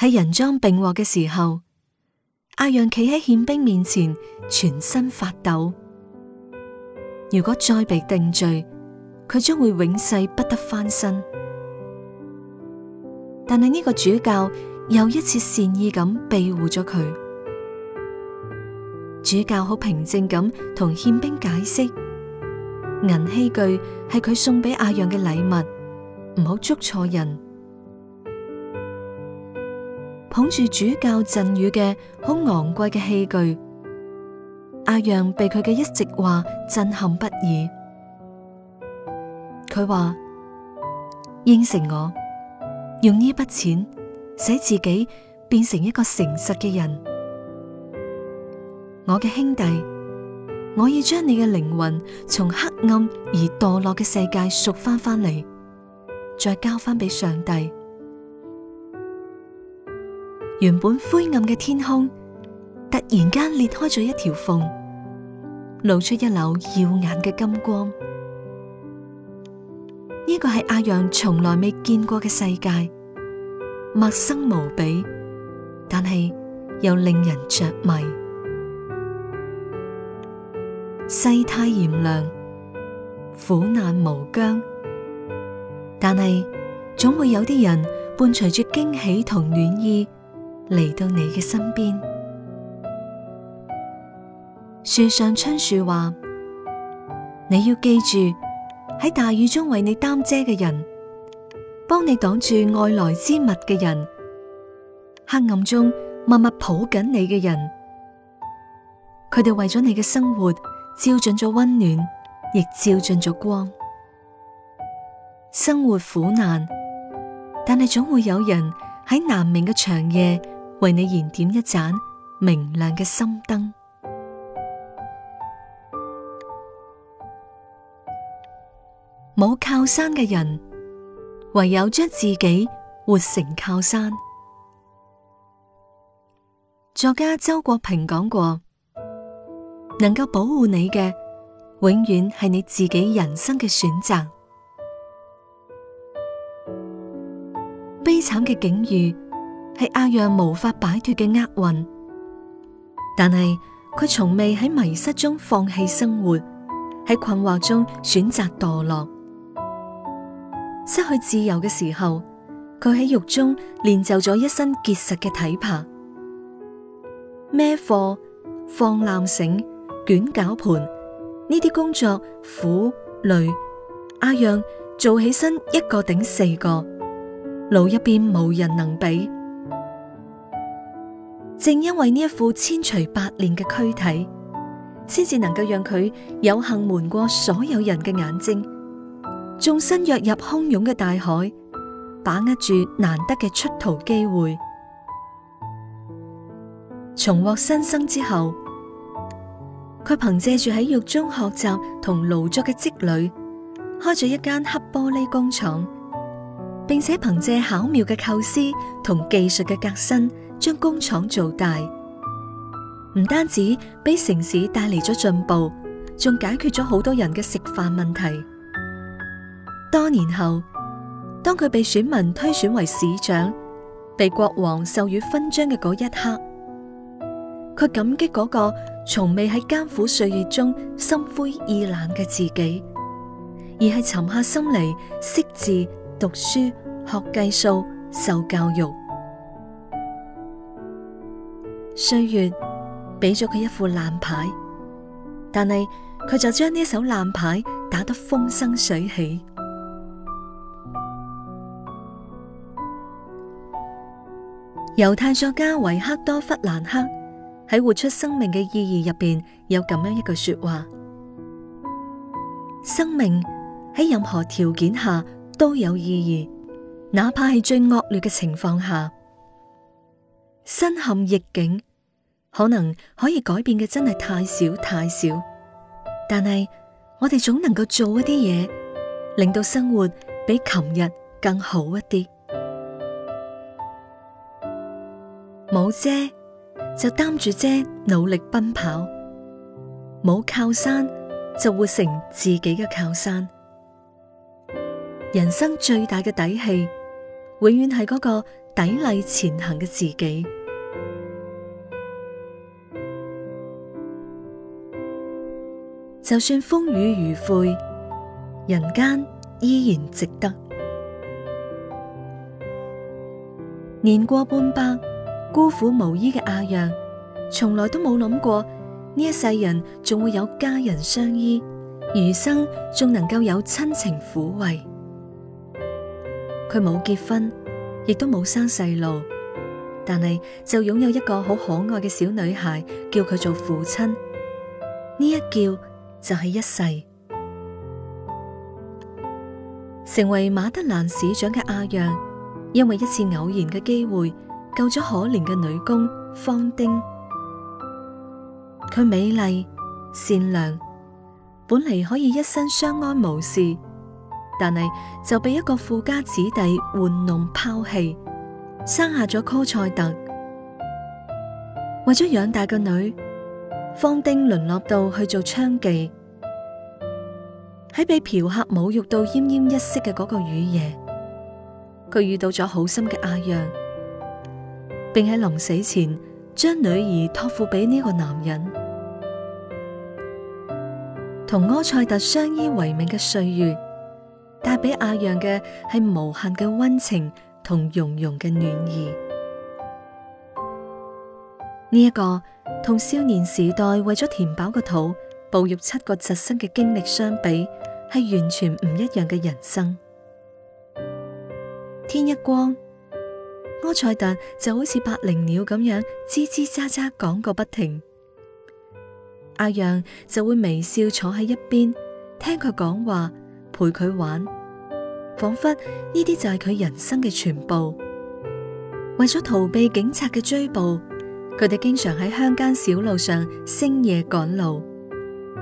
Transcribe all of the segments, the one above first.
喺人贓並獲嘅時候，阿讓企喺憲兵面前，全身發抖。如果再被定罪，佢將會永世不得翻身。但係呢個主教又一次善意咁庇護咗佢。主教好平靜咁同憲兵解釋：銀器具係佢送俾阿讓嘅禮物，唔好捉錯人。捧住主教贈予嘅好昂貴嘅器具，阿讓被佢嘅一席話震撼不已。佢話，應承我用呢筆錢使自己變成一個誠實嘅人，我嘅兄弟，我要將你嘅靈魂從黑暗而墮落嘅世界贖翻翻嚟，再交翻俾上帝。原本灰暗嘅天空，突然間裂開咗一條縫，露出一縷耀眼嘅金光。呢個係阿陽從來未見過嘅世界，陌生無比，但係又令人着迷。世態炎涼，苦難無疆，但係總會有啲人伴隨住驚喜同暖意。嚟到你嘅身邊，樹上春樹話：你要記住喺大雨中為你擔遮嘅人，幫你擋住外來之物嘅人，黑暗中默默抱緊你嘅人，佢哋為咗你嘅生活，照進咗溫暖，亦照進咗光。生活苦難，但係總會有人喺難眠嘅長夜，為你燃點一盞明亮嘅心燈。冇靠山嘅人，唯有將自己活成靠山。作家周國平講過：能夠保護你嘅，永遠係你自己人生嘅選擇。悲慘嘅境遇，係阿讓無法擺脫嘅厄運，但係佢從未喺迷失中放棄生活，喺困惑中選擇墮落。失去自由嘅時候，佢喺獄中練就咗一身結實嘅體魄。孭貨、放纜繩、捲絞盤呢啲工作苦累，阿讓做起身一個頂四個，路一邊無人能比。正因為呢一副千錘百煉嘅軀體，先至能夠讓佢有幸瞞過所有人嘅眼睛，縱身躍入洶湧嘅大海，把握住難得嘅出逃機會。重獲新生之後，佢憑借住喺獄中學習同勞作嘅積累，開咗一間黑玻璃工廠，並且憑借巧妙嘅構思同技術嘅革新。將工廠做大，唔單止俾城市帶嚟咗進步，仲解決咗好多人嘅食飯問題。多年後，當佢被選民推選為市長，被國王授予勳章嘅嗰一刻，佢感激嗰個從未喺艱苦歲月中心灰意冷嘅自己，而係沉下心嚟識字、讀書、學計數、受教育。歲月畀咗佢一副爛牌，但係佢就將呢一手爛牌打得風生水起。猶太作家維克多弗蘭克喺活出生命嘅意義入邊有咁樣一句說話：「生命喺任何條件下都有意義，哪怕係最惡劣嘅情況下，身陷逆境。可能可以改變嘅真係太少太少，但係我哋總能夠做一啲嘢，令到生活比琴日更好一啲。冇遮就擔住遮，努力奔跑；冇靠山就活成自己嘅靠山。人生最大嘅底氣，永遠係嗰個砥礪前行嘅自己。就算風雨如晦，人間依然值得。年過半百，孤苦無依嘅阿讓，從來都冇諗過呢一世人仲會有家人相依，餘生仲能夠有親情撫慰。佢冇結婚，亦都冇生細路，但係就擁有一個好可愛嘅小女孩，叫佢做父親。呢一叫，就係一世，成為馬德蘭市長嘅阿讓，因為一次偶然嘅機會救咗可憐嘅女工芳丁。佢美麗善良，本嚟可以一生相安無事，但係就被一個富家子弟玩弄拋棄，生下咗科賽特，為咗養大個女。方丁淪落到去做娼妓，喺被嫖客侮辱到奄奄一息嘅嗰個雨夜，佢遇到咗好心嘅阿讓，並喺臨死前將女兒託付俾呢個男人。同柯塞特相依為命嘅歲月，帶俾阿讓嘅係無限嘅溫情同融融嘅暖意。呢一、這個同少年時代為咗填飽個肚，步入七個窒息嘅經歷相比，係完全唔一樣嘅人生。天一光，柯塞特就好似百靈鳥咁樣吱吱喳喳講個不停，阿讓就會微笑坐喺一邊聽佢講話，陪佢玩，仿佛呢啲就係佢人生嘅全部。為咗逃避警察嘅追捕。佢哋經常喺鄉間小路上星夜趕路，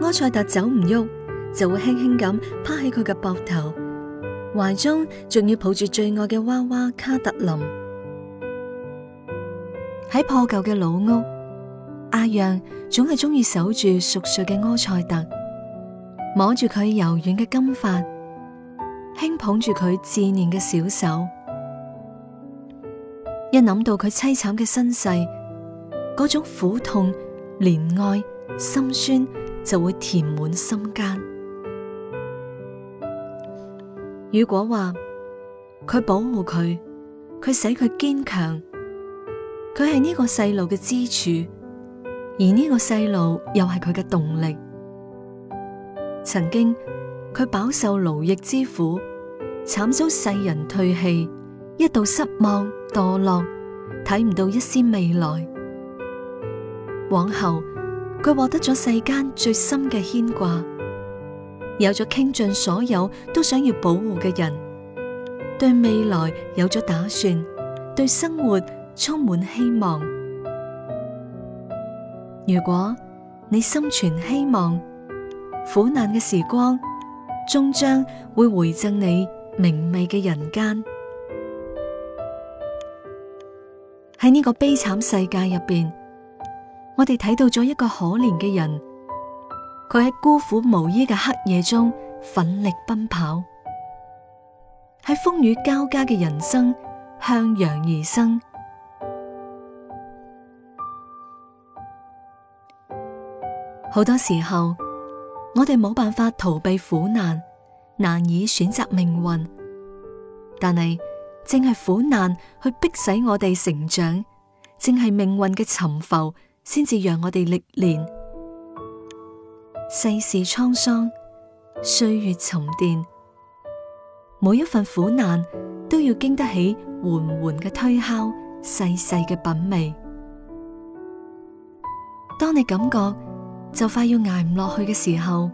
柯賽特走唔喐，就會輕輕咁趴喺佢嘅膊頭，懷中仲要抱住最愛嘅娃娃卡特琳。喺破舊嘅老屋，阿讓總係鍾意守住熟睡嘅柯賽特，摸住佢柔軟嘅金髮，輕捧住佢稚嫩嘅小手，一諗到佢淒慘嘅身世，嗰種苦痛、憐愛、心酸就會填滿心間。如果話佢保護佢，佢使佢堅強，佢係呢個細路嘅支柱，而呢個細路又係佢嘅動力。曾經，佢飽受勞役之苦，慘遭世人唾棄，一度失望墮落，睇唔到一絲未來。往後，佢獲得咗世間最深嘅牽掛，有咗傾盡所有都想要保護嘅人，對未來有咗打算，對生活充滿希望。如果你心存希望，苦難嘅時光終將會回贈你明媚嘅人間。喺呢個悲慘世界入邊。我哋睇到咗一個可憐嘅人，佢喺孤苦無依嘅黑夜中奮力奔跑，喺風雨交加嘅人生向陽而生。好多時候，我哋冇辦法逃避苦難，難以選擇命運，但係正係苦難去逼使我哋成長，正係命運嘅沉浮。先至讓我哋歷練，世事滄桑，歲月沉澱，每一份苦難都要經得起緩緩嘅推敲，細細嘅品味。當你感覺就快要捱唔落去嘅時候，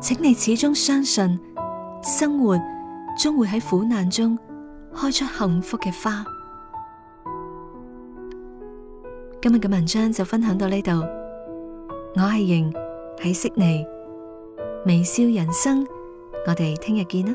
請你始終相信，生活將會喺苦難中開出幸福嘅花。今日嘅文章就分享到呢度，我係瑩，喺悉尼微笑人生，我哋聽日見啦。